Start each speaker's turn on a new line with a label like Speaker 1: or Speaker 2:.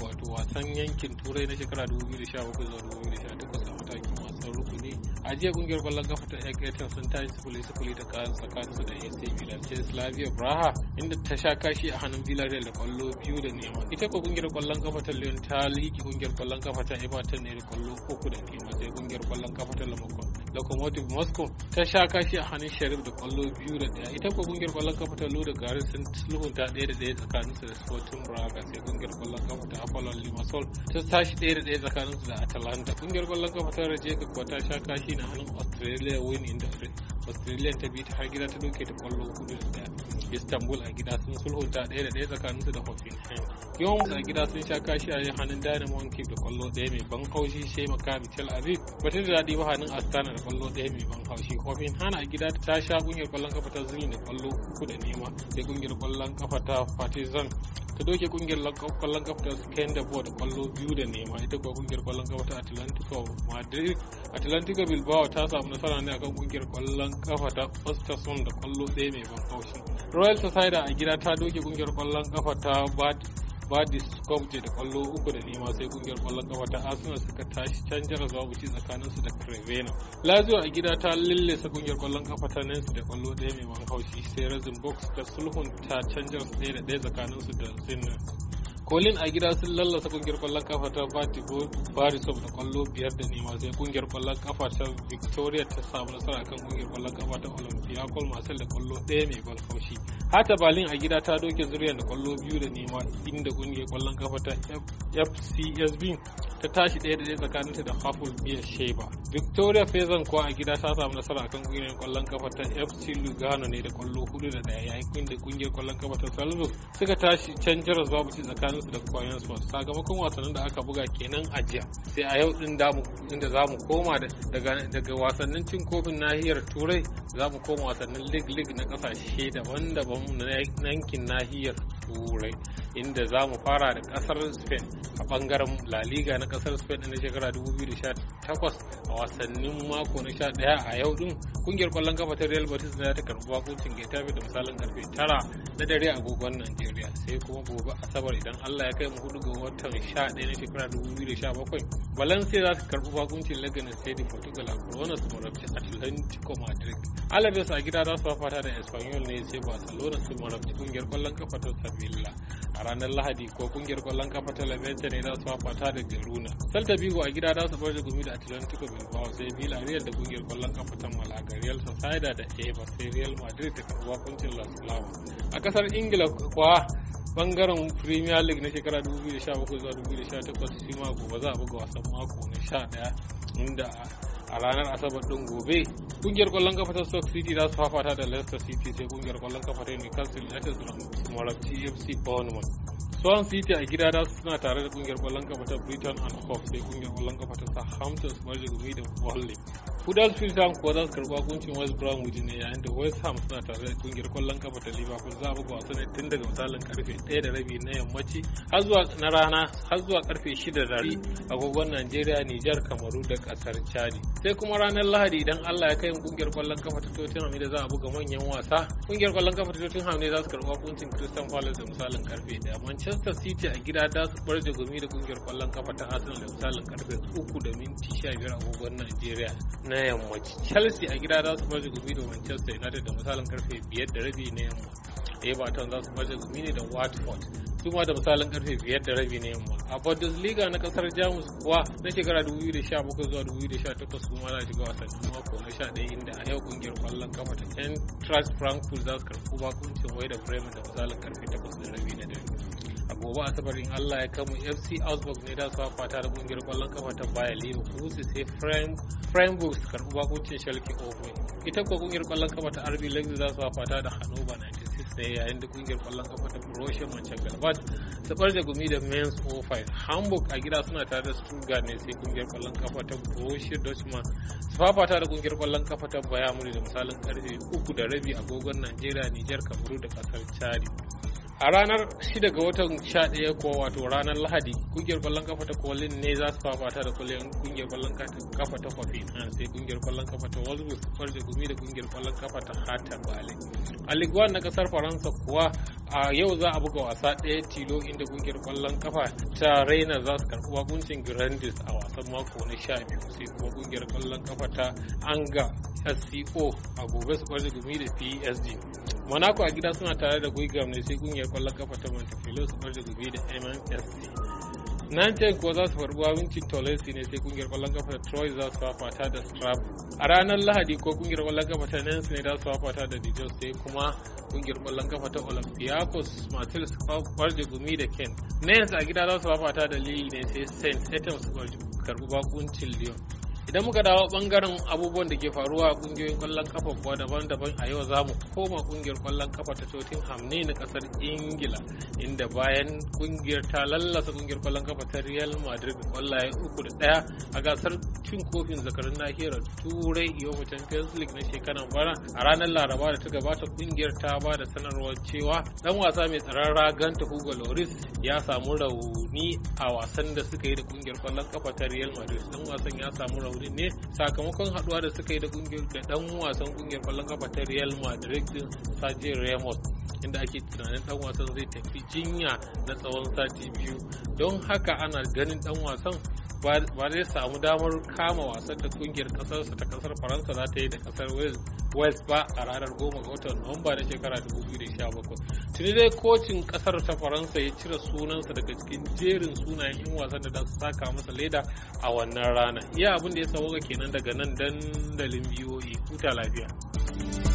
Speaker 1: wato wasan yankin turai na shekara 2017 zuwa 2018 a matakin wasan rukuni a jiya kungiyar kwallon kafa ta ekretin sun tayi sifili sifili ta kayan tsakanin su da ac milan slavia braha inda ta sha kashi a hannun villarreal da kwallo biyu da nema ita ko kungiyar kwallon kafa ta leon ta liki kungiyar kwallon kafa ta everton ne da kwallo uku da nema sai kungiyar kwallon kafa ta lamakon locomotive moscow ta sha kashi a hannun sharif da kwallo biyu da daya ita ko kungiyar kwallon kafa ta lura gari sun sulhunta daya da daya tsakanin su da sporting braga sai kungiyar kwallon kafa ta apollon limassol ta tashi daya da daya tsakanin su da atalanta kungiyar kwallon kafa ta rajeka kuwa ta sha kashi na hannun australia win inda australia ta bi ta har gida ta doke ta kwallo hudu da daya istanbul a gida sun sulhunta ɗaya da ɗaya tsakaninsu da hoffenheim yawan a gida sun sha kashi a hannun dynamo kif da kwallo ɗaya mai ban haushi shai makami tel aviv ba ta daɗi ba hannun astana da kwallo ɗaya mai ban haushi hoffenheim a gida ta sha ƙungiyar kwallon kafa ta zuni da kwallo uku da nema sai ƙungiyar kwallon kafa ta partizan ta doke kungiyar kwallon kafa ta Skanderbo da kwallo biyu da nema ita kuwa kungiyar kwallon kafa ta Atlantico Madrid Atlantico Bilbao ta samu nasara ne akan kungiyar kwallon kafa ta Osterson da kwallo ɗaya mai ban haushi royal society a gida ta doke kungiyar kwallon kafa ta badis skopje da kwallo uku da nema sai kungiyar kwallon kafa ta arsenal suka tashi can jira zuwa buci su da crevena lazio a gida ta lillisa kungiyar kwallon kafa ta nancy da kwallo ɗaya mai man haushi sai razin box ta sulhun ta can jira ɗaya da ɗaya su da zinnan kolin a gida sun lallasa kungiyar kwallon kafa ta batiko barisov da kwallo biyar da nema sai kungiyar kwallon kafa ta victoria ta samu nasara kan kungiyar kwallon kafa ta olympiacos marcel da kwallo ɗaya mai ban kaushi hata balin a gida ta doke zuriyar da kwallo biyu da nema inda kungiyar kwallon kafa ta fcsb ta tashi ɗaya da ɗaya tsakaninta da Haful Biyar Sheba. Victoria Fezan kuwa a gida ta samu nasara akan ƙungiyar ƙwallon kafa ta FC Lugano ne da ƙwallo hudu da ɗaya yayin da ƙungiyar ƙwallon kafa ta Salzburg suka tashi can jaras babu ci tsakaninsu da Kwayon Sports. Sakamakon wasannin da aka buga kenan a jiya. Sai a yau ɗin damu inda za mu koma daga wasannin cin kofin nahiyar Turai za mu koma wasannin lig-lig na ƙasashe daban-daban na yankin nahiyar Turai. inda za mu fara da kasar spain a bangaren la liga na kasar spain na shekara 2018 a wasannin mako na 11 a yau din kungiyar kwallon kafa ta real betis za ta karbi bakuncin tafi da misalin karfe 9 na dare agogon nigeria sai kuma gobe asabar idan allah ya kai mu hudu ga watan 11 na shekara 2017 valencia za ta karbi bakuncin leganes sai da portugal a corona su marabci atlantico madrid alabes a gida za su fafata da espanyol ne sai barcelona su marabci kungiyar kwallon kafa ta sevilla ranar Lahadi ko kungiyar kwallon kafa ta Lamenta ne za su fafata da Girona. Celta Vigo a gida za su bar da gumi da Atlantico Bilbao sai Villarreal da kungiyar kwallon kafa ta Malaga Real Sociedad da Eva sai Real Madrid da karɓi kuncin Las A kasar Ingila kuwa bangaren premier league na shekara 2017 zuwa 2018 shi ma gobe za a buga wasan mako na 11 inda a ranar asabar din gobe kungiyar kwallon kafa ta stoke city za su fafata da leicester city sai kungiyar kwallon kafa ta newcastle united su marabci fc bournemouth Swan City a gida da suna tare da kungiyar kwallon kafa ta Britain and Hope sai kungiyar kwallon kafa ta Southampton su marje gumi da Burnley. Huddersfield Town kuwa za su karɓa kuncin West Bromwich ne yayin da West Ham suna tare da kungiyar kwallon kafa ta Liverpool za a buga wasu ne tun daga misalin karfe 1 da rabi na yammaci har zuwa na rana har zuwa karfe 6 da rabi agogon Najeriya, Nijar, Kamaru da kasar Chad. Sai kuma ranar Lahadi idan Allah ya kai kungiyar kwallon kafa ta Tottenham da za a buga manyan wasa. Kungiyar kwallon kafa ta Tottenham ne za su karɓa kuncin Crystal Palace da misalin karfe 1. Manchester Manchester City a gida ta su bar gumi da kungiyar kwallon kafa ta Arsenal da misalin karfe 3 da minti 15 gogon Najeriya na yamma. Chelsea a gida ta su bar gumi da Manchester United da misalin karfe 5 da rabi na yamma. Everton za su bar gumi ne da Watford juma da misalin karfe 5 da rabi na yamma. A Bundesliga na kasar Jamus kuwa na shekara 2017 zuwa 2018 kuma za shiga wasannin mako na 11 inda a yau kungiyar kwallon kafa ta Eintracht Frankfurt za su karɓi bakuncin wai da Bremen da misalin karfe 8 da rabi na dare. a gobe asabar in Allah ya kamu FC Augsburg ne da su fata da kungiyar kwallon kafa ta Bayer Leverkusen sai Freiburg su karbi bakuncin Schalke 04 ita kuwa kungiyar kwallon kafa ta RB Leipzig za su fata da Hannover 96 da yayin da kungiyar kwallon kafa ta Borussia Mönchengladbach ta barje gumi da Mainz 05 Hamburg a gida suna tare da Stuttgart ne sai kungiyar kwallon kafa ta Borussia Dortmund su fafata da kungiyar kwallon kafa ta Bayern Munich da misalin karfe 3 da rabi agogon Najeriya Niger Kamaru da kasar Chad a ranar 6 ga watan 11 ko wato ranar lahadi kungiyar kwallon kafa ta kolin ne za su fafata da kungiyar kwallon kafa ta kwafi an sai kungiyar kwallon kafa ta su farje gumi da kungiyar kwallon kafa ta hatar bale a liguwa na kasar faransa kuwa a yau za a buga wasa ɗaya tilo inda kungiyar kwallon kafa ta raina za su karɓi wakuncin grandis a wasan mako na biyu sai kuma kungiyar kwallon kafa ta anga sco a gobe su farje gumi da psg monaco a gida suna tare da guigam ne sai kungiyar kwallon kafa ta montefiore su da gobe da mfc nantes kuwa za su farbuwa wawincin tolesi ne sai kungiyar kwallon kafa ta troy za su fafata da strap a ranar lahadi ko kungiyar kwallon kafa ta Nance ne za su fafata da Dijon sai kuma kungiyar kwallon kafa ta olympiacos martil su farje gumi da ken Nance a gida za su fafata da lille ne sai saint etienne su karbi bakuncin lyon idan muka dawo bangaren abubuwan da ke faruwa a kungiyoyin kwallon kafa kuwa daban-daban a yau za mu koma kungiyar kwallon kafa ta Tottenham ne na kasar Ingila inda bayan kungiyar ta lallasa kungiyar kwallon kafa ta Real Madrid kwallaye uku da daya a gasar cin kofin zakarun nahiyar Turai yau Champions League na shekaran bana a ranar Laraba da ta gabata kungiyar ta ba da sanarwar cewa dan wasa mai tsaron raganta Hugo loris ya samu rauni a wasan da suka yi da kungiyar kwallon kafa ta Real Madrid dan wasan ya samu rauni Saurin ne sakamakon haduwa da suka yi da kungiyar da dan wasan kungiyar kwallon kafa ta Real Madrid din Sergio Ramos inda ake tunanin dan wasan zai tafi jinya na tsawon sati biyu don haka ana ganin dan wasan ba zai samu damar kama wasan da kungiyar kasarsa ta kasar faransa za ta yi da kasar wales west ba a ranar 10 ga watan nuwamba na shekara 2017 tuni dai kocin kasar ta faransa ya cire sunansa daga cikin jerin sunayen yan wasan da za su saka masa leda a wannan rana iya abin da ya sauka kenan daga nan dandalin biyoyi e. huta lafiya